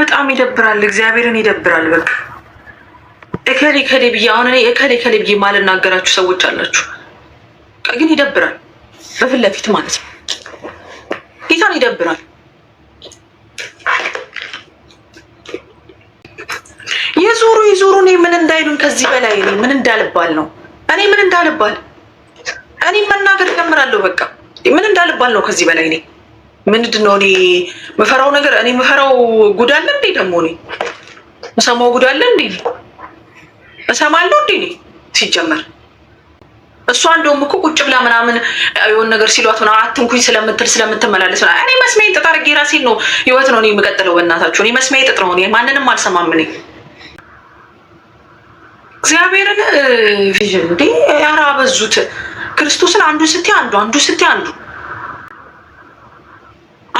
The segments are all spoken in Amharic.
በጣም ይደብራል። እግዚአብሔርን ይደብራል። በቃ እከሌ ከሌ ብዬ አሁን እኔ እከሌ ከሌ ብዬ ማልናገራችሁ ሰዎች አላችሁ፣ ግን ይደብራል። በፊት ለፊት ማለት ነው ጌታን ይደብራል። የዙሩ ይዙሩ። እኔ ምን እንዳይሉን ከዚህ በላይ እኔ ምን እንዳልባል ነው እኔ ምን እንዳልባል እኔ መናገር ጀምራለሁ። በቃ ምን እንዳልባል ነው ከዚህ በላይ እኔ ምንድን ነው እኔ የምፈራው ነገር? እኔ የምፈራው ጉዳለ እንዴ? ደግሞ እኔ እሰማው ጉዳለ እንዴ? እሰማለሁ እንዴ? እኔ ሲጀመር እሷ እንደውም እኮ ቁጭ ብላ ምናምን የሆን ነገር ሲሏት ምናምን አትንኩኝ ስለምትል ስለምትመላለስ እኔ መስሚያ ጥጥ አድርጌ ራሴን ነው ህይወት ነው እኔ የምቀጥለው። በእናታችሁ እኔ መስሚያ ጥጥ ነው፣ ማንንም አልሰማም እኔ እግዚአብሔርን ቪዥን እንዴ! ያራ በዙት ክርስቶስን አንዱ ስትይ አንዱ አንዱ ስትይ አንዱ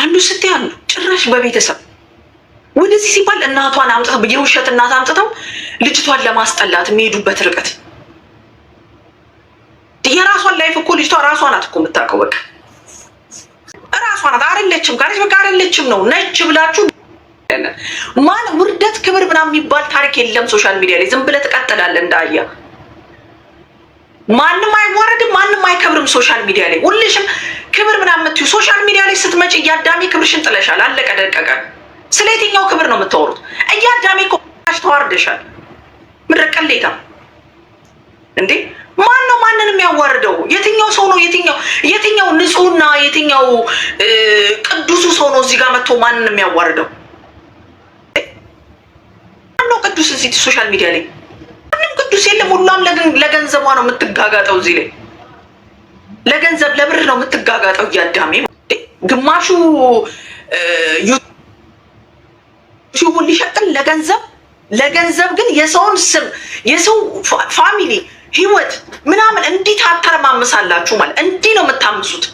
አንዱ ስትይ አንዱ ጭራሽ በቤተሰብ ወደዚህ ሲባል እናቷን አምጥተው የውሸት እናት አምጥተው ልጅቷን ለማስጠላት የሚሄዱበት ርቀት የራሷን ላይፍ እኮ ልጅቷ ራሷ ናት እኮ የምታውቀው። በቃ ራሷ ናት አይደለችም ካለች በቃ አይደለችም ነው ነች ብላችሁ ማን ውርደት ክብር ምናምን የሚባል ታሪክ የለም። ሶሻል ሚዲያ ላይ ዝም ብለህ ትቀጥላለህ እንዳያ ማንም አይዋረድም፣ ማንም አይከብርም። ሶሻል ሚዲያ ላይ ሁልሽም ክብር ምናምን የምትይው ሶሻል ሚዲያ ላይ ስትመጪ እያዳሜ ክብርሽን ጥለሻል። አለቀ ደቀቀ። ስለ የትኛው ክብር ነው የምታወሩት? እያዳሜ እኮ ተዋርደሻል። ምድረ ቅሌታ እንዴ! ማን ነው ማንን የሚያዋርደው? የትኛው ሰው ነው የትኛው የትኛው ንጹህና የትኛው ቅዱሱ ሰው ነው እዚህ ጋር መጥቶ ማንን የሚያዋርደው? ማን ነው ቅዱስ እዚህ ሶሻል ሚዲያ ላይ ማንም ቅዱስ የለም። ሁላም ለገንዘቧ ነው የምትጋጋጠው። እዚህ ላይ ለገንዘብ ለብር ነው የምትጋጋጠው። እያዳሜ ግማሹ ዩቲዩቡን ሊሸጥን ለገንዘብ ለገንዘብ ግን የሰውን ስም የሰው ፋሚሊ ህይወት ምናምን እንዲህ ታተረማምሳላችሁ። ማለት እንዲህ ነው የምታምሱት።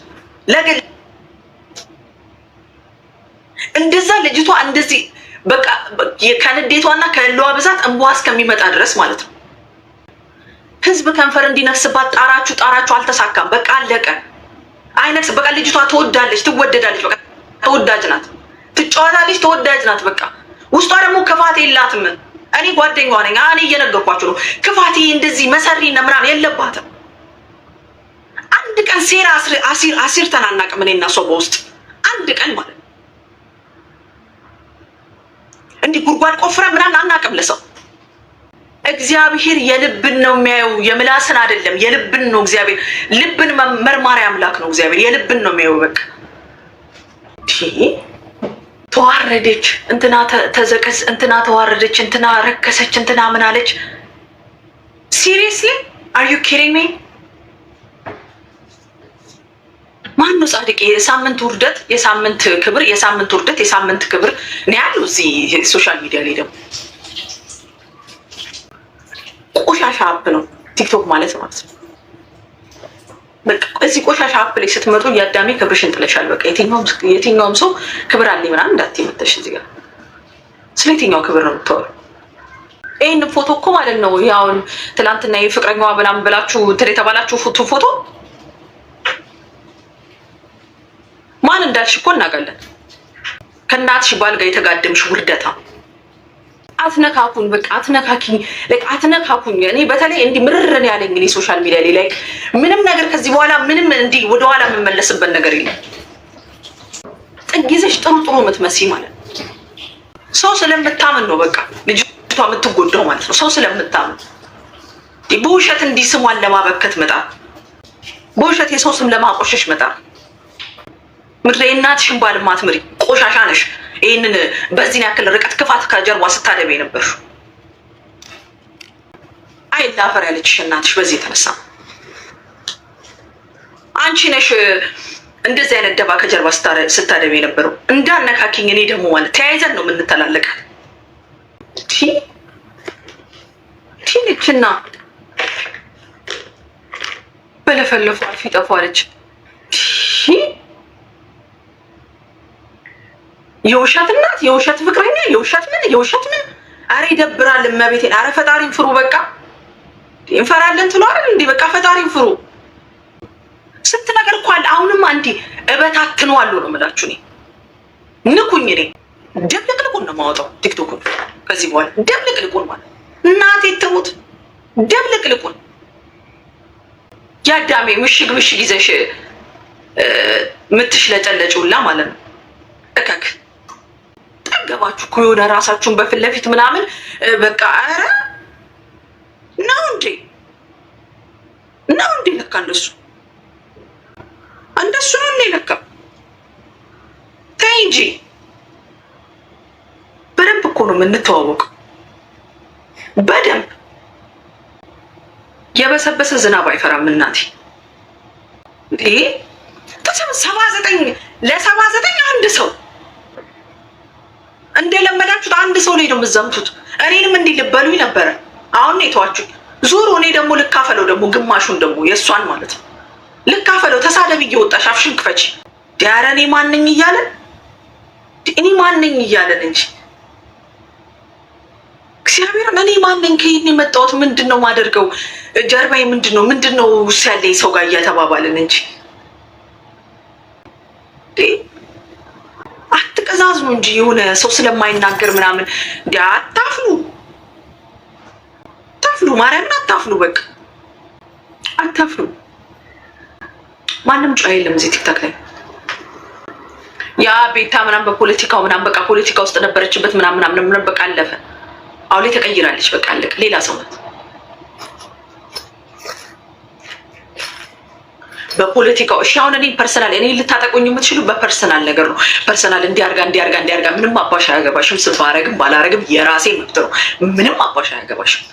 እንደዛ ልጅቷ እንደዚህ በቃ ከንዴቷና ከህልዋ ብዛት እንቧ እስከሚመጣ ድረስ ማለት ነው። ህዝብ ከንፈር እንዲነስባት ጣራችሁ ጣራችሁ አልተሳካም። በቃ አለቀ። አይነት በቃ ልጅቷ ትወዳለች፣ ትወደዳለች። በቃ ተወዳጅ ናት፣ ትጫወታለች፣ ተወዳጅ ናት። በቃ ውስጧ ደግሞ ክፋት የላትም። እኔ ጓደኛዋ ነኝ። እኔ እየነገርኳችሁ ነው። ክፋት እንደዚህ መሰሪና ምናምን የለባትም። አንድ ቀን ሴራ አሲር አሲር ተናናቅም እኔና ሰው በውስጥ አንድ ቀን ማለት እንዲህ ጉድጓድ ቆፍረ ምናምን አናቅም ለሰው እግዚአብሔር የልብን ነው የሚያየው፣ የምላስን አይደለም፣ የልብን ነው። እግዚአብሔር ልብን መርማሪ አምላክ ነው። እግዚአብሔር የልብን ነው የሚያየው። በቃ ተዋረደች፣ እንትና ተዘቀስ፣ እንትና ተዋረደች፣ እንትና ረከሰች፣ እንትና አለች? ሲሪየስሊ አር ዩ ኪሪንግ ሚ? ነው ጻድቅ? የሳምንት ውርደት፣ የሳምንት ክብር፣ የሳምንት ውርደት፣ የሳምንት ክብር ነው ያሉ እዚህ ሶሻል ሚዲያ ላይ ደግሞ ቆሻሻ አፕ ነው ቲክቶክ ማለት ማለት ነው። እዚህ ቆሻሻ አፕ ላይ ስትመጡ የአዳሜ ክብርሽን ጥለሻል። በቃ የትኛውም ሰው ክብር አለኝ ምናምን እንዳትመተሽ እዚህ ጋር ስለ የትኛው ክብር ነው የምታወሪው? ይህን ፎቶ እኮ ማለት ነው ያውን ትላንትና የፍቅረኛዋ ብላም ብላችሁ እንትን የተባላችሁ ፎቶ ፎቶ ማን እንዳልሽ እኮ እናውቃለን። ከእናትሽ ባል ጋር የተጋደምሽ ውልደታ አትነካኩን፣ በቃ አትነካኪ፣ ላይክ አትነካኩኝ። እኔ በተለይ እንዲህ ምርርን ያለ እንግዲህ ሶሻል ሚዲያ ላይ ላይክ ምንም ነገር ከዚህ በኋላ ምንም እንዲህ ወደኋላ የምመለስበት ነገር የለም። ጥግ ይዘሽ ጥሩ ጥሩ የምትመሲ ማለት ነው። ሰው ስለምታምን ነው በቃ ልጅቷ የምትጎዳው ማለት ነው። ሰው ስለምታምን በውሸት እንዲህ ስሟን ለማበከት መጣ፣ በውሸት የሰው ስም ለማቆሸሽ መጣ። ምድሬ እናትሽን ባልማት ምሪ፣ ቆሻሻ ነሽ። ይህንን በዚህን ያክል ርቀት ክፋት ከጀርባ ስታደብ ነበር። አይ ላፈር ያለችሽ እናትሽ በዚህ የተነሳ አንቺ ነሽ እንደዚህ አይነት ደባ ከጀርባ ስታደብ የነበረው። እንዳነካኪኝ እኔ ደግሞ ማለት ተያይዘን ነው የምንተላለቀ ቲንችና በለፈለፏል ፊጠፏለች የውሸት እናት፣ የውሸት ፍቅረኛ፣ የውሸት ምን፣ የውሸት ምን። አረ ይደብራል። እመቤቴን፣ አረ ፈጣሪን ፍሩ። በቃ እንፈራለን ትሏል እንዴ? በቃ ፈጣሪን ፍሩ። ስንት ነገር እኮ አለ። አሁንም አንዴ እበታትነዋለሁ ነው የምላችሁ። እኔ ንኩኝ፣ እኔ ልቁን ነው የማወጣው ቲክቶኩን ከዚህ በኋላ ደብልቅልቁን ማለት እናቴ ትሙት፣ ደብልቅልቁን ያዳሜ ምሽግ ምሽግ ይዘሽ የምትሽለጨለጭ ሁላ ማለት ነው እከክ አጠገባችሁ እኮ የሆነ ራሳችሁን በፊት ለፊት ምናምን በቃ ኧረ ነው እንዴ ነው እንዴ? ለካ እንደሱ እንደሱ ነው እንዴ? ለካ ተይ እንጂ በደንብ እኮ ነው የምንተዋወቀው። በደንብ የበሰበሰ ዝናብ አይፈራም እናቴ። ይሄ ሰባ ዘጠኝ ለሰባ ዘጠኝ አንድ ሰው እንደለመዳችሁት አንድ ሰው ላይ ነው የምትዘምቱት። እኔንም እንዲህ ልበሉኝ ነበረ። አሁን ነው የተዋችሁኝ ዙር። እኔ ደግሞ ልካፈለው ደግሞ ግማሹን ደግሞ የእሷን ማለት ነው ልካፈለው። ተሳደብ እየወጣሽ አፍሽን ክፈች። ዲያረ እኔ ማንኝ እያለን እኔ ማንኝ እያለን እንጂ እግዚአብሔርም እኔ ማንኝ ከይህን የመጣሁት ምንድን ነው ማደርገው ጀርባዬ ምንድን ነው ምንድን ነው ውስጥ ያለኝ ሰው ጋር እያተባባልን እንጂ አትቀዛዝኑ እንጂ የሆነ ሰው ስለማይናገር ምናምን እንዲ አታፍኑ፣ አታፍኑ፣ ማርያምን አታፍኑ፣ በቃ አታፍኑ። ማንም ጨዋ የለም እዚህ ቲክታክ ላይ። ያ ቤታ ምናምን በፖለቲካው ምናምን በቃ ፖለቲካ ውስጥ ነበረችበት ምናምን ምናምን በቃ አለፈ። አሁን ላይ ተቀይራለች። በቃ አለቀ። ሌላ ሰው ናት። በፖለቲካው እሺ፣ አሁን እኔ ፐርሰናል እኔ ልታጠቁኝ የምትችሉ በፐርሰናል ነገር ነው። ፐርሰናል እንዲያርጋ እንዲያርጋ እንዲያርጋ ምንም አባሽ አያገባሽም። ስባረግም ባላረግም የራሴ መብት ነው። ምንም አባሽ አያገባሽም።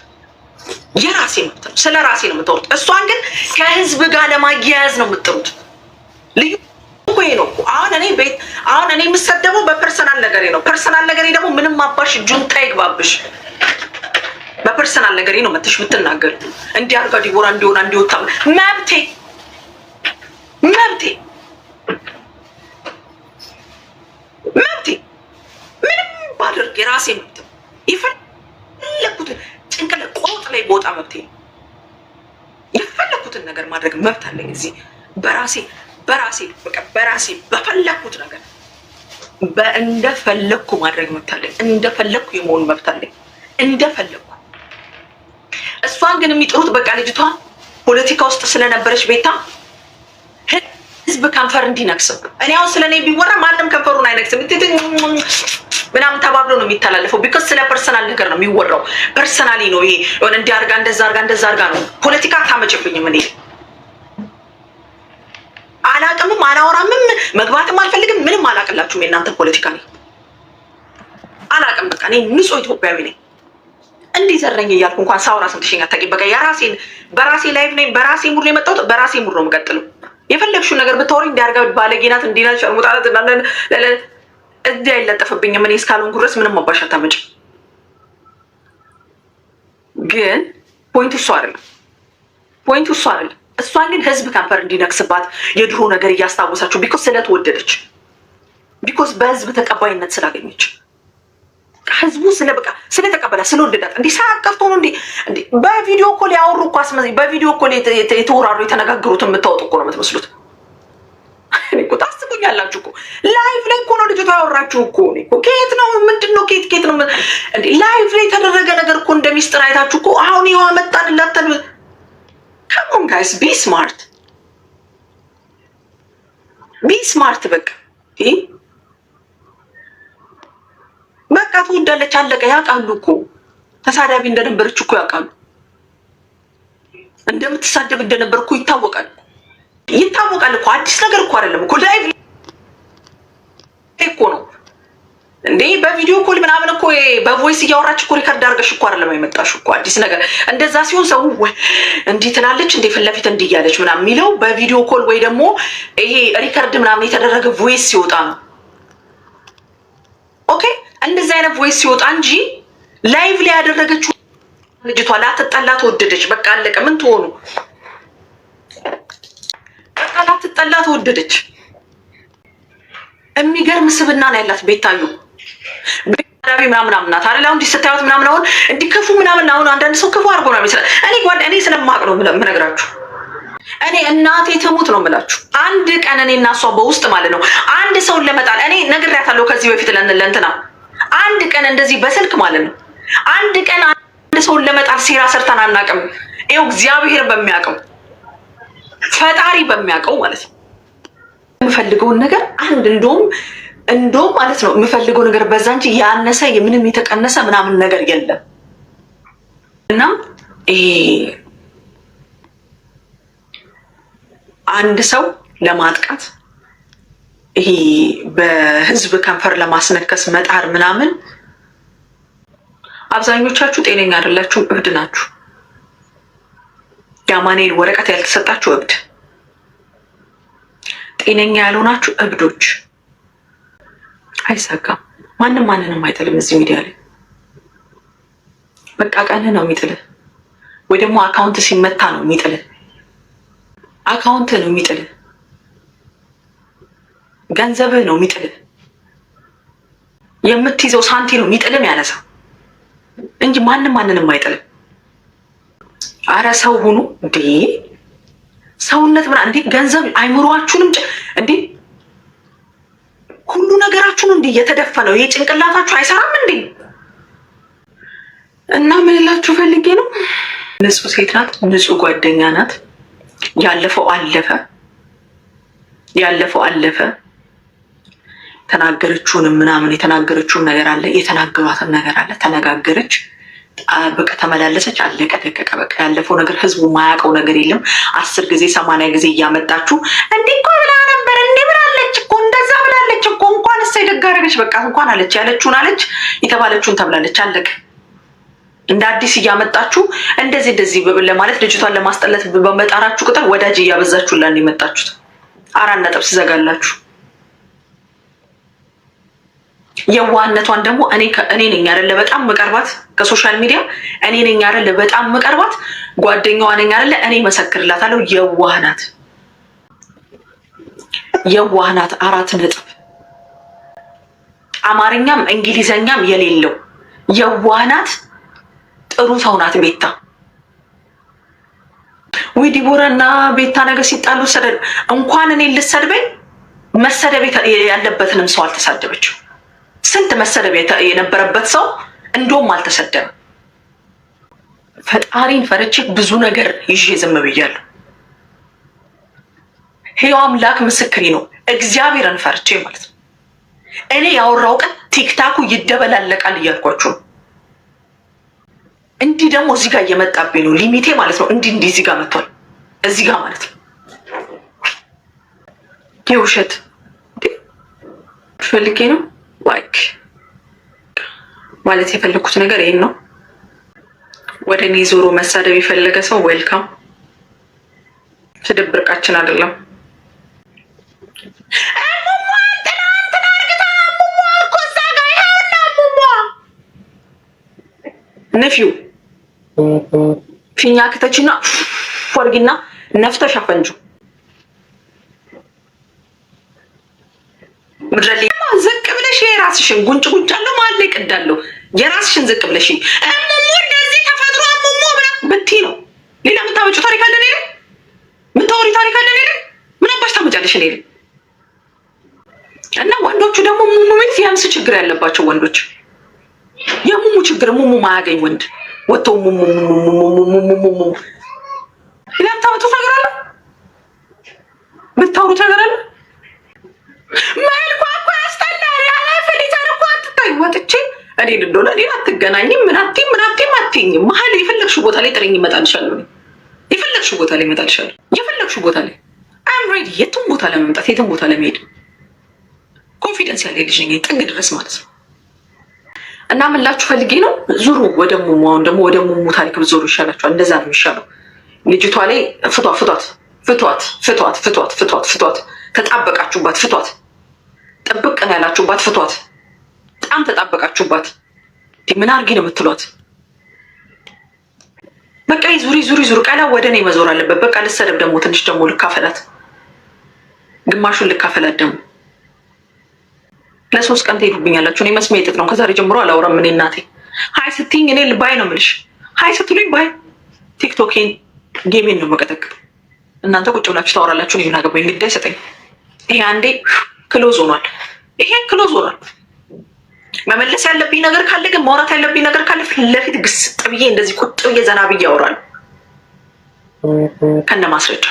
የራሴ መብት ነው። ስለ ራሴ ነው የምትወሩት። እሷን ግን ከህዝብ ጋር ለማያያዝ ነው የምጥሩት። ልዩ ይሄ ነው። አሁን እኔ ቤት አሁን እኔ የምሰደበው በፐርሰናል ነገሬ ነው። ፐርሰናል ነገሬ ደግሞ ምንም አባሽ ጁንታ ይግባብሽ በፐርሰናል ነገሬ ነው መተሽ የምትናገር እንዲያርጋ ዲቦራ እንዲሆና እንዲወታ መብቴ መብቴ መብቴ ምንም ባደርግ የራሴ መብት የፈለኩትን ጭንቅለ ቆጥ ላይ ቦጣ መብቴ የፈለኩትን ነገር ማድረግ መብት አለኝ። እዚህ በራሴ በራሴ በራሴ በፈለኩት ነገር እንደፈለኩ ማድረግ መብት አለኝ። እንደፈለግኩ የመሆን መብት አለኝ። እንደፈለኩ እሷን ግን የሚጥሩት በቃ ልጅቷን ፖለቲካ ውስጥ ስለነበረች ቤታ ህዝብ ከንፈር እንዲነክስም እኔ አሁን ስለ እኔ ቢወራ ማንም ከንፈሩን አይነክስም ምናምን ተባብሎ ነው የሚተላለፈው። ቢኮዝ ስለ ፐርሰናል ነገር ነው የሚወራው። ፐርሰናሊ ነው ይሄ ሆነ እንዲ አርጋ እንደዛ አርጋ እንደዛ አርጋ ነው። ፖለቲካ አታመጭብኝም። እኔ አላቅምም፣ አላወራምም፣ መግባትም አልፈልግም። ምንም አላቅላችሁም። የእናንተ ፖለቲካ ነው አላቅም። በቃ እኔ ንጹህ ኢትዮጵያዊ ነኝ። እንዲህ ዘረኝ እያልኩ እንኳን ሳውራ ስንትሽኛ ሽኛ ታቂ በቃ የራሴን በራሴ ላይፍ ነኝ። በራሴ ሙድ ነው የመጣሁት። በራሴ ሙድ ነው የምቀጥለው። የፈለግሽውን ነገር ብታወሪ እንዲያርጋ ባለጌናት እንዲናት ሸርሙጣናት እዚህ አይለጠፍብኝም። እኔ እስካልሆንኩ ድረስ ምንም አባሻ አታመጭም። ግን ፖይንቱ እሱ አይደለም። ፖይንቱ እሱ አይደለም። እሷን ግን ህዝብ ከንፈር እንዲነክስባት የድሮ ነገር እያስታወሳችሁ ቢኮዝ ስለተወደደች ቢኮስ በህዝብ ተቀባይነት ስላገኘች ህዝቡ ስለ በቃ ስለተቀበላ ስለወደዳት እንዲህ ሳያቀፍቶ ነው እንዲህ በቪዲዮ ኮል ያወሩ እኮ አስመ በቪዲዮ ኮል የተወራሩ የተነጋገሩትን የምታወጡ እኮ ነው የምትመስሉት። ታስቡኛላችሁ እኮ ላይቭ ላይ እኮ ነው ልጅቷ ያወራችሁ እኮ እኮ ከየት ነው ምንድን ነው ከየት ከየት ነው ላይቭ ላይ የተደረገ ነገር እኮ እንደ ሚስጥር አይታችሁ እኮ አሁን ይኸው አመጣንላት። ካሞን ጋይስ ቢ ስማርት ቢ ስማርት በቃ በቃ ትወዳለች፣ አለቀ። ያውቃሉ እኮ ተሳዳቢ እንደነበረች እኮ ያውቃሉ። እንደምትሳደብ እንደነበር እኮ ይታወቃል፣ ይታወቃል እኮ አዲስ ነገር እኮ አይደለም እኮ ላይቭ እኮ ነው እንዴ በቪዲዮ ኮል ምናምን እኮ በቮይስ እያወራች እኮ ሪከርድ አድርገሽ እኮ አይደለም የመጣሽ እኮ አዲስ ነገር። እንደዛ ሲሆን ሰው እንዲህ ትላለች እንዴ ፊት ለፊት እንዲህ እያለች ምናምን የሚለው በቪዲዮ ኮል ወይ ደግሞ ይሄ ሪከርድ ምናምን የተደረገ ቮይስ ሲወጣ ነው። ኦኬ እንደዚህ አይነት ቮይስ ሲወጣ እንጂ ላይቭ ላይ ያደረገችው ልጅቷ ላትጠላ ተወደደች። በቃ አለቀ። ምን ትሆኑ በቃ ላትጠላ ተወደደች። የሚገርም ስብና ነው ያላት ቤታዩ ቤታዊ ምናምን አምናት አይደል? አሁን ስታዩት ምናምን አሁን እንዲከፉ ምናምን አሁን አንዳንድ ሰው ክፉ አድርጎ ነው የሚስላ እኔ ጓደ እኔ ስለማቅ ነው ምነግራችሁ እኔ እናቴ ትሙት ነው የምላችሁ። አንድ ቀን እኔ እና እሷ በውስጥ ማለት ነው አንድ ሰውን ለመጣል እኔ ነግሬያታለሁ ከዚህ በፊት ለእንትና አንድ ቀን እንደዚህ በስልክ ማለት ነው አንድ ቀን አንድ ሰውን ለመጣል ሴራ ሰርተን አናውቅም። ይኸው እግዚአብሔር በሚያውቀው ፈጣሪ በሚያውቀው ማለት ነው የምፈልገውን ነገር አንድ እንደውም እንደውም ማለት ነው የምፈልገው ነገር በዛ እንጂ ያነሰ ምንም የተቀነሰ ምናምን ነገር የለም እና አንድ ሰው ለማጥቃት ይሄ በህዝብ ከንፈር ለማስነከስ መጣር ምናምን አብዛኞቻችሁ ጤነኛ አይደላችሁም፣ እብድ ናችሁ። የአማኑኤል ወረቀት ያልተሰጣችሁ እብድ፣ ጤነኛ ያልሆናችሁ እብዶች። አይሰጋም ማንም ማንንም አይጥልም። እዚህ ሚዲያ ላይ በቃ ቀንህ ነው የሚጥልህ፣ ወይ ደግሞ አካውንት ሲመታ ነው የሚጥልህ። አካውንት ነው የሚጥል፣ ገንዘብህ ነው የሚጥል፣ የምትይዘው ሳንቲ ነው የሚጥልህ የሚያነሳ እንጂ ማንም ማንንም አይጥልም። አረ ሰው ሁኑ እንዴ! ሰውነት ምና እንዴ! ገንዘብ አይምሯችሁንም እንዴ! ሁሉ ነገራችሁን እንዴ! የተደፈ ነው ይሄ ጭንቅላታችሁ አይሰራም እንዴ! እና ምን ፈልጌ ነው። ንጹህ ሴት ናት፣ ንጹህ ጓደኛ ናት። ያለፈው አለፈ፣ ያለፈው አለፈ። ተናገረችውንም ምናምን የተናገረችውን ነገር አለ፣ የተናገሯትን ነገር አለ። ተነጋገረች፣ በቃ ተመላለሰች፣ አለቀ ደቀቀ። በቃ ያለፈው ነገር ህዝቡ ማያውቀው ነገር የለም። አስር ጊዜ ሰማንያ ጊዜ እያመጣችሁ እንዲህ እኮ ብላ ነበር፣ እንዲህ ብላለች እኮ፣ እንደዛ ብላለች እኮ፣ እንኳን እሰይ ደግ አደረገች። በቃ እንኳን አለች፣ ያለችውን አለች፣ የተባለችውን ተብላለች፣ አለቀ። እንደ አዲስ እያመጣችሁ እንደዚህ እንደዚህ ለማለት ልጅቷን ለማስጠለት በመጣራችሁ ቁጥር ወዳጅ እያበዛችሁላን የመጣችሁት አራት ነጥብ ስዘጋላችሁ። የዋህነቷን ደግሞ እኔ ነኝ አይደለ በጣም መቀርባት ከሶሻል ሚዲያ እኔ ነኝ አይደለ በጣም መቀርባት ጓደኛዋ ነኝ አይደለ እኔ መሰክርላታለሁ። የዋህናት የዋህናት አራት ነጥብ አማርኛም እንግሊዘኛም የሌለው የዋህናት ጥሩ ሰው ናት ቤታ። ወይ ዲቦራ እና ቤታ ነገር ሲጣሉ ሰደድ እንኳን እኔ ልሰድበኝ መሰደብ ያለበትንም ሰው አልተሳደበችው። ስንት መሰደብ የነበረበት ሰው እንደውም አልተሰደበም። ፈጣሪን ፈርቼ ብዙ ነገር ይዤ ዝም ብያለሁ። ይኸው አምላክ ምስክሬ ነው። እግዚአብሔርን ፈርቼ ማለት ነው። እኔ ያወራው ቀን ቲክታኩ ይደበላለቃል እያልኳችሁ እንዲህ ደግሞ እዚህ ጋር እየመጣብኝ ነው ሊሚቴ ማለት ነው። እንዲህ እንዲህ እዚህ ጋር መጥቷል። እዚህ ጋር ማለት ነው የውሸት ፈልጌ ነው ላይክ ማለት የፈለኩት ነገር ይሄን ነው። ወደ እኔ ዞሮ መሳደብ የፈለገ ሰው ዌልካም። ስድብ ብርቃችን አይደለም። ነፊው ፊኛ ክተችና ፎርጊና ነፍተሽ አፈንጩ ምድረ ዝቅ ብለሽ የራስሽን ጉንጭ ጉንጭ አለው ማለ ይቀዳለሁ የራስሽን ዝቅ ብለሽ እሙሙ እንደዚህ ተፈጥሮ እሙሙ ብላ ብቲ ነው። ሌላ የምታመጩ ታሪክ አለ? ሌላ የምታወሪ ታሪክ አለ? ሌላ ምን አባሽ ታመጫለሽ? ሌላ እና ወንዶቹ ደግሞ ሙሙ ቤት ያንስ ችግር ያለባቸው ወንዶች የሙሙ ችግር ሙሙ ማያገኝ ወንድ ወጥተው የምታመጡት ነገር አለ? የምታወሩት ነገር አለ? መልኳ እኔ እንደሆነ እኔን አትገናኝም። ምን አትይም፣ ምን አትይም አትይኝም። መሀል የፈለግሽው ቦታ ላይ ጥለኝ እመጣልሻለሁ። የፈለግሽው ቦታ ላይ እመጣልሻለሁ። የፈለግሽው ቦታ ላይ አም ሬዲ የትም ቦታ ለመምጣት የትም ቦታ ለመሄድ ኮንፊደንስ ያለ ልጅ ነኝ፣ ጥግ ድረስ ማለት ነው። እና ምላችሁ ፈልጌ ነው ዙሩ ወደ ሙሙ። አሁን ደግሞ ወደ ሙሙ ታሪክ ብዞሩ ይሻላችኋል። እንደዛ ነው የሚሻለው። ልጅቷ ላይ ፍቷት ፍቷት ፍቷት ፍቷት ፍቷት ፍቷት ፍቷት ተጣበቃችሁባት፣ ፍቷት። ጥብቅ ነው ያላችሁባት፣ ፍቷት። በጣም ተጣበቃችሁባት። ምን አርጊ ነው የምትሏት? በቃ ዙሪ ዙሪ ዙር ቀላ ወደ እኔ መዞር አለበት። በቃ ልሰደብ ደግሞ ትንሽ ደግሞ ልካፈላት፣ ግማሹን ልካፈላት ደግሞ ለሶስት ቀን ትሄዱብኛላችሁ። እኔ መስሜ ጥጥ ነው። ከዛሬ ጀምሮ አላውራም። እኔ እናቴ ሀይ ስትይኝ እኔ ልባይ ነው የምልሽ። ሀይ ስትሉኝ ባይ ቲክቶኬን ጌሜን ነው መቀጠቅ እናንተ ቁጭ ብላችሁ ታወራላችሁ። እኔ ምን አገባኝ? ግድ አይሰጠኝ። ይሄ አንዴ ክሎዝ ሆኗል። ይሄ ክሎዝ ሆኗል። መመለስ ያለብኝ ነገር ካለ ግን ማውራት ያለብኝ ነገር ካለ ፊት ለፊት ግስጥ ብዬ እንደዚህ ቁጭ ብዬ ዘና ብዬ ያወራል ከነ ማስረጃ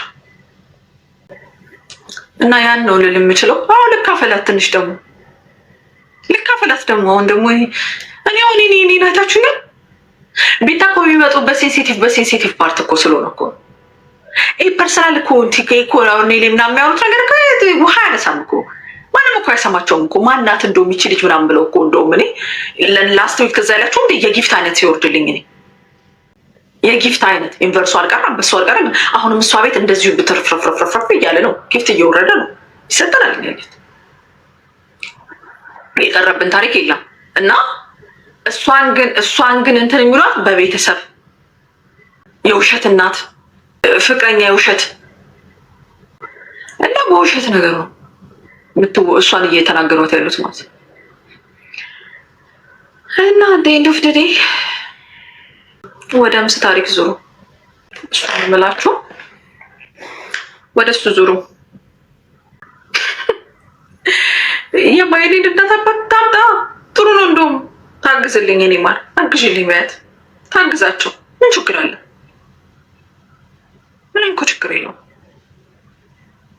እና ያን ነው ልል የምችለው። አሁ ልካፈላት ትንሽ ደግሞ ልካፈላት ደግሞ አሁን ደግሞ ይሄ እኔ አሁን እኔ እኔ ናታችሁ ነው ቤታ እኮ የሚመጡበት ሴንሲቲቭ በሴንሲቲቭ ፓርት እኮ ስለሆነ እኮ ይህ ፐርሰናል እኮ ኮኔሌ ምናምን የሚያወሩት ነገር ውሃ ያነሳም እኮ ማንም እኮ አይሰማቸውም እኮ ማናት እንደው የሚችል ልጅ ምናምን ብለው እኮ እንደውም እኔ ላስት ዊክ ከዛ ያላችሁ እንደ የጊፍት አይነት ሲወርድልኝ እኔ የጊፍት አይነት ዩኒቨርሱ አልቀረ በሱ አልቀረ አሁንም እሷ ቤት እንደዚሁ ብትርፍርፍርፍርፍ እያለ ነው ጊፍት እየወረደ ነው ይሰጠናል ጊፍት የቀረብን ታሪክ የለም እና እሷን ግን እሷን ግን እንትን የሚሏት በቤተሰብ የውሸት እናት ፍቅረኛ የውሸት እና በውሸት ነገር ነው እሷን እየተናገሯት ያሉት ማለት እና ደንዶፍ ድዴ ወደ ምስ ታሪክ ዙሩ እሱ ምላችሁ ወደ እሱ ዙሩ የማይሌድ እርዳታ በጣም ጥሩ ነው። እንደውም ታግዝልኝ፣ እኔ ማር ታግዥልኝ፣ በያት ታግዛቸው። ምን ችግር አለ? ምን እኮ ችግር የለውም።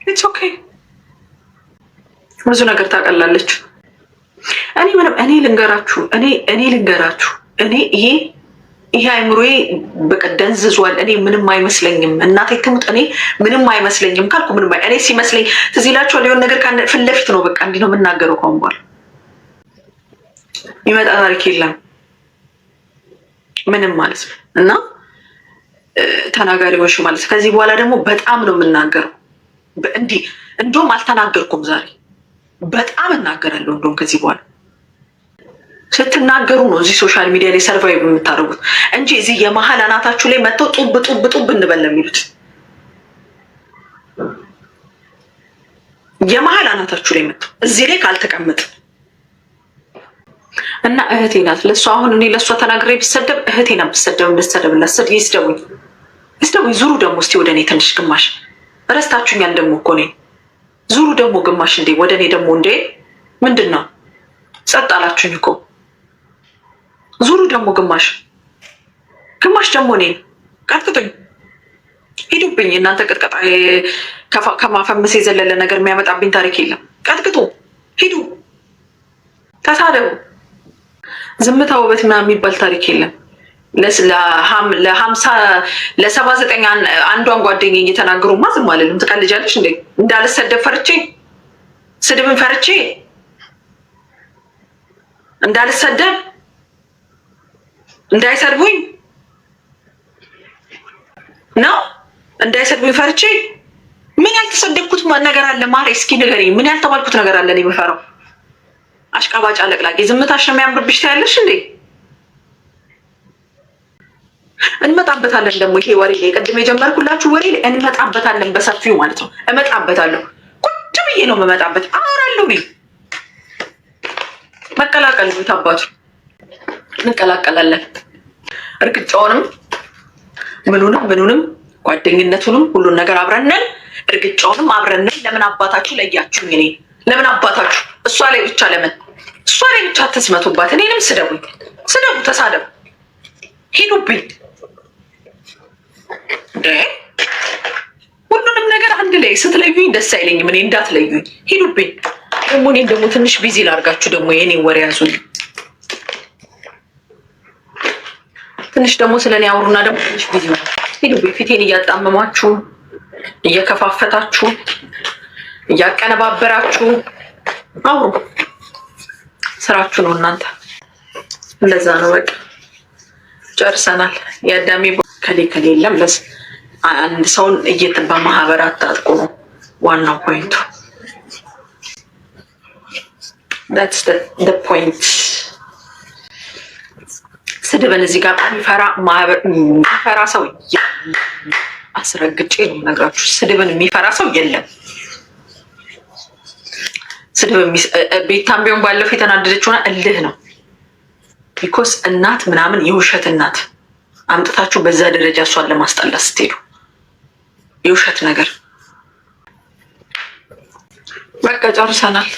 ኢትስ ኦኬ። ብዙ ነገር ታቀላለች። እኔ ምንም እኔ ልንገራችሁ እኔ እኔ ልንገራችሁ እኔ ይሄ ይህ አይምሮዬ በቃ ደንዝዟል። እኔ ምንም አይመስለኝም፣ እናቴ ትሙት እኔ ምንም አይመስለኝም ካልኩ ምንም እኔ ሲመስለኝ ትዝ ይላችኋል። የሆነ ነገር ፊት ለፊት ነው በቃ እንዲህ ነው የምናገረው። ከንቧል ይመጣ ታሪክ የለም ምንም ማለት ነው። እና ተናጋሪዎች ማለት ከዚህ በኋላ ደግሞ በጣም ነው የምናገረው። እንዲህ እንደውም አልተናገርኩም ዛሬ በጣም እናገራለሁ እንደውም ከዚህ በኋላ ስትናገሩ ነው እዚህ ሶሻል ሚዲያ ላይ ሰርቫይቭ የምታደርጉት እንጂ እዚህ የመሀል አናታችሁ ላይ መጥተው ጡብ ጡብ ጡብ እንበል የሚሉት። የመሀል አናታችሁ ላይ መጥተው እዚህ ላይ ካልተቀምጥ እና እህቴ ናት ለእሷ አሁን እኔ ለእሷ ተናግሬ ብሰደብ እህቴ ናት ብሰደብ ብሰደብ ላስድ ይስደቡኝ ይስደቡኝ። ዙሩ ደግሞ እስቲ ወደ እኔ ትንሽ ግማሽ እረስታችሁኛል። ደግሞ እኮ እኔ ዙሩ ደግሞ ግማሽ እንዴ ወደ እኔ ደግሞ እንዴ ምንድን ነው ጸጥ አላችሁኝ እኮ ደግሞ ግማሽ ግማሽ ደግሞ እኔን ቀጥቅጡኝ፣ ሂዱብኝ። እናንተ ቅጥቀጣ ከማፈመስ የዘለለ ነገር የሚያመጣብኝ ታሪክ የለም። ቀጥቅጡ፣ ሂዱ፣ ተሳደቡ። ዝምታ ውበት ምናምን የሚባል ታሪክ የለም። ለሀምሳ ለሰባ ዘጠኝ አንዷን ጓደኛ እየተናገሩማ ዝም አልልም። ትቀልጃለች እንዴ? እንዳልሰደብ ፈርቼ ስድብን ፈርቼ እንዳልሰደብ እንዳይሰድቡኝ ነው እንዳይሰድቡኝ ፈርቼ ምን ያልተሰደብኩት ነገር አለ? ማሬ እስኪ ንገሪ። ምን ያልተባልኩት ነገር አለ? እኔ የምፈራው አሽቃባጭ አለቅላቂ ዝምታሽ ነው የሚያምርብሽ። ታያለሽ እንዴ? እንመጣበታለን ደግሞ ይሄ ወሬ ላይ ቅድም የጀመርኩላችሁ ወሬ ላይ እንመጣበታለን በሰፊው ማለት ነው። እመጣበታለሁ። ቁጭ ብዬ ነው የምመጣበት። አወራለሁ ብዬ መቀላቀል ታባቱ እንቀላቀላለን። እርግጫውንም ምኑንም ምኑንም ጓደኝነቱንም ሁሉን ነገር አብረነን እርግጫውንም አብረነን። ለምን አባታችሁ ለያችሁ? እኔ ለምን አባታችሁ እሷ ላይ ብቻ ለምን እሷ ላይ ብቻ ተስመቱባት? እኔንም ስደቡኝ፣ ስደቡ፣ ተሳደቡ፣ ሂዱብኝ። ሁሉንም ነገር አንድ ላይ ስትለዩኝ ደስ አይለኝም። እኔ እንዳትለዩኝ፣ ሂዱብኝ። ደግሞ እኔን ደግሞ ትንሽ ቢዚ ላርጋችሁ፣ ደግሞ የኔ ወሬ ያዙኝ። ትንሽ ደግሞ ስለኔ አውሩና ደግሞ ትንሽ ቢዚ ነው። ሂዱ ፊቴን እያጣመማችሁ እየከፋፈታችሁ እያቀነባበራችሁ አውሩ። ስራችሁ ነው እናንተ። እንደዛ ነው በቃ ጨርሰናል። የአዳሜ ከሌ ከሌ የለም። ለስ አንድ ሰውን እየት በማህበር አታጥቁ ነው ዋናው ፖይንቱ። ፖይንት ስድብን እዚህ ጋር የሚፈራ የሚፈራ ሰው አስረግጬ ነው የምነግራችሁ። ስድብን የሚፈራ ሰው የለም። ስድብ ቤታም ቢሆን ባለፈው የተናደደች ሆና እልህ ነው። ቢኮስ እናት ምናምን የውሸት እናት አምጥታችሁ በዛ ደረጃ እሷን ለማስጠላት ስትሄዱ የውሸት ነገር በቃ ጨርሰናል።